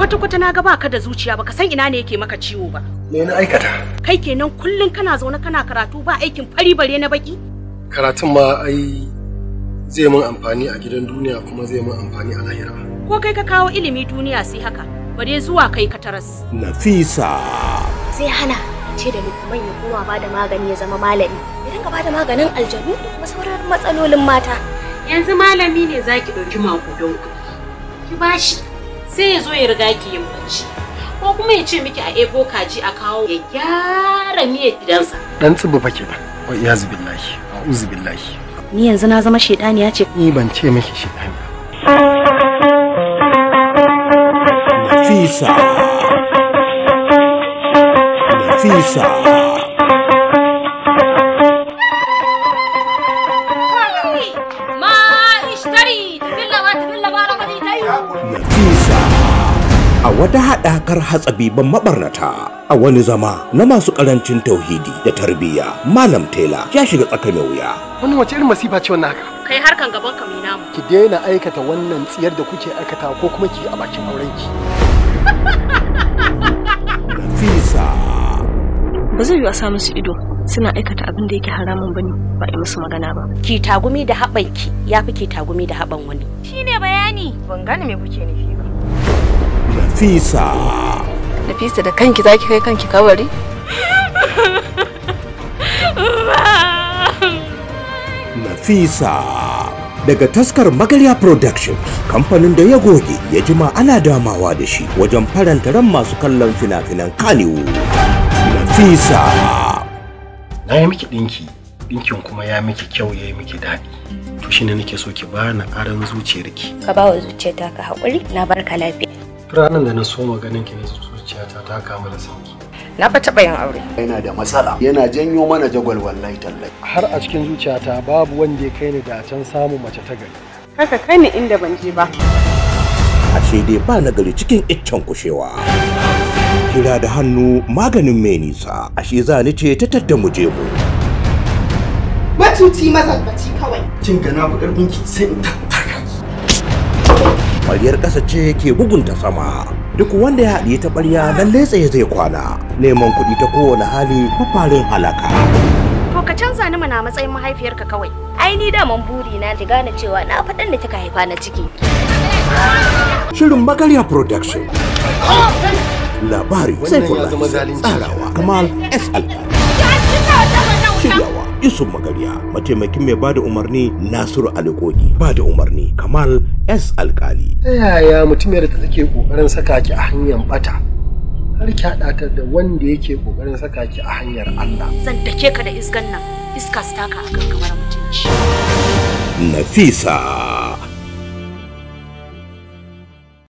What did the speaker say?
kwata-kwata na ga baka da zuciya baka san ina ne yake maka ciwo ba me na aikata kai kenan kullun kana zaune kana karatu ba aikin fari bare na baki karatun ma ai zai mun amfani a gidan duniya kuma zai mun amfani a lahira ko kai ka kawo ilimi duniya sai haka bare zuwa kai ka taras nafisa sai hana ce da lukman ya koma ba da magani ya zama malami ya dinga ba da maganin aljanu da kuma sauran matsalolin mata yanzu malami ne zaki ɗauki don ku ki bashi sai ya zo ya riga ki yin bacci ko kuma ya ce miki a ebo kaji a kawo ya gyara miyar gidansa dan tsibu fa ke wa iyazu billahi a'udhu billahi ni yanzu na zama shedaniya ce ni ban ce miki shedani Nafisa Nafisa wata haɗakar ban mabarnata a wani zama na masu ƙarancin tauhidi da tarbiyya malam tela ya shiga tsaka wuya wani wace irin masifa ce wannan haka kai harkan gaban ka mai namu ki daina aikata wannan tsiyar da kuke aikata ko kuma ki a bakin auren ki. fisa ba zai yi a samu su ido suna aikata abin da yake haramun bane ba a musu magana ba. Ki tagumi da haɓanki ya fi ki tagumi da haɓan wani. Shi ne bayani. Ban gane me kuke nufi ba. Nafisa. Nafisa da kanki zaki kai kanki kawari Nafisa. Daga taskar Magarya Productions, kamfanin da ya goge ya jima ana damawa da shi wajen faranta ran masu kallon fina-finan Kaniwu. Nafisa. Na yi miki ɗinki, ɗinkin kuma ya miki kyau ya yi miki daɗi. To ne nake so ki bani aron zuciyarki. Ka ba wa zuciyata ka haƙuri, na barka lafiya. ranar da na so maganin ki ne zuciyata ta kama da sanki na fa taɓa yin aure yana da matsala yana janyo mana jagwalwal lai tallai har a cikin zuciyata babu wanda ya kai ni da can samu mace ta gari haka kai ni inda ban je ba ashe dai ba na gari cikin iccen kushewa kira da hannu maganin mai nisa ashe za ni ce ta tadda mu je mu matuci mazalbaci kawai kin ga na ƙarfin ki sai tattara. ƙwariyar ƙasa ce ke bugunta sama duk wanda ya haɗiye ta ɓarya lalle tsaye zai kwana neman kuɗi ta kowane hali fafarin halaka to ka canza ni mana matsayin mahaifiyarka kawai ai ni da man buri na ji gane cewa na faɗan da kika haifa na ciki shirin magarya production labari sai tsarawa kamal s shiryawa yusuf magarya mataimakin mai bada umarni nasiru alikodi bada umarni kamal s alkali ta yaya mutum da take kokarin saka ki a hanyar bata har ki haɗa ta da wanda yake kokarin saka ki a hanyar allah zan take ka da iskan nan iska su taka akan kamar mutunci nafisa